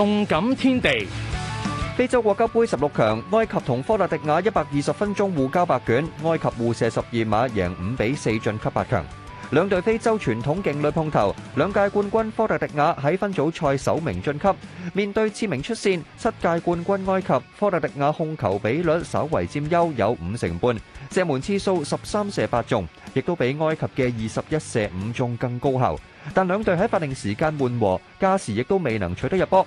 動感天地，非洲國家盃十六強，埃及同科特迪瓦一百二十分鐘互交白卷，埃及互射十二碼贏五比四晉級八強。兩隊非洲傳統勁旅碰頭，兩屆冠軍科特迪瓦喺分組賽首名晉級，面對次名出線七屆冠軍埃及，科特迪瓦控球比率稍為佔優，有五成半，射門次數十三射八中，亦都比埃及嘅二十一射五中更高效。但兩隊喺法定時間言和，加時，亦都未能取得入波。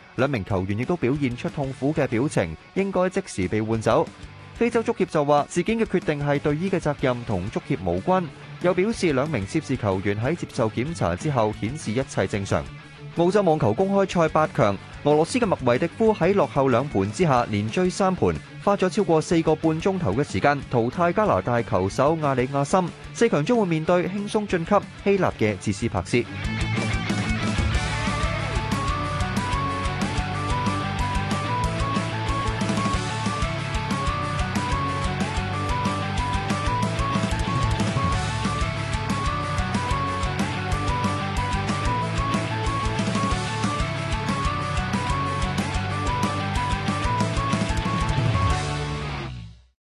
兩名球員亦都表現出痛苦嘅表情，應該即時被換走。非洲足協就話自己嘅決定係隊醫嘅責任，同足協無關。又表示兩名涉事球員喺接受檢查之後顯示一切正常。澳洲網球公開賽八強，俄羅斯嘅麥維迪夫喺落後兩盤之下連追三盤，花咗超過四個半鐘頭嘅時間淘汰加拿大球手亞里亞森。四強將會面對輕鬆晉級希臘嘅自斯帕斯。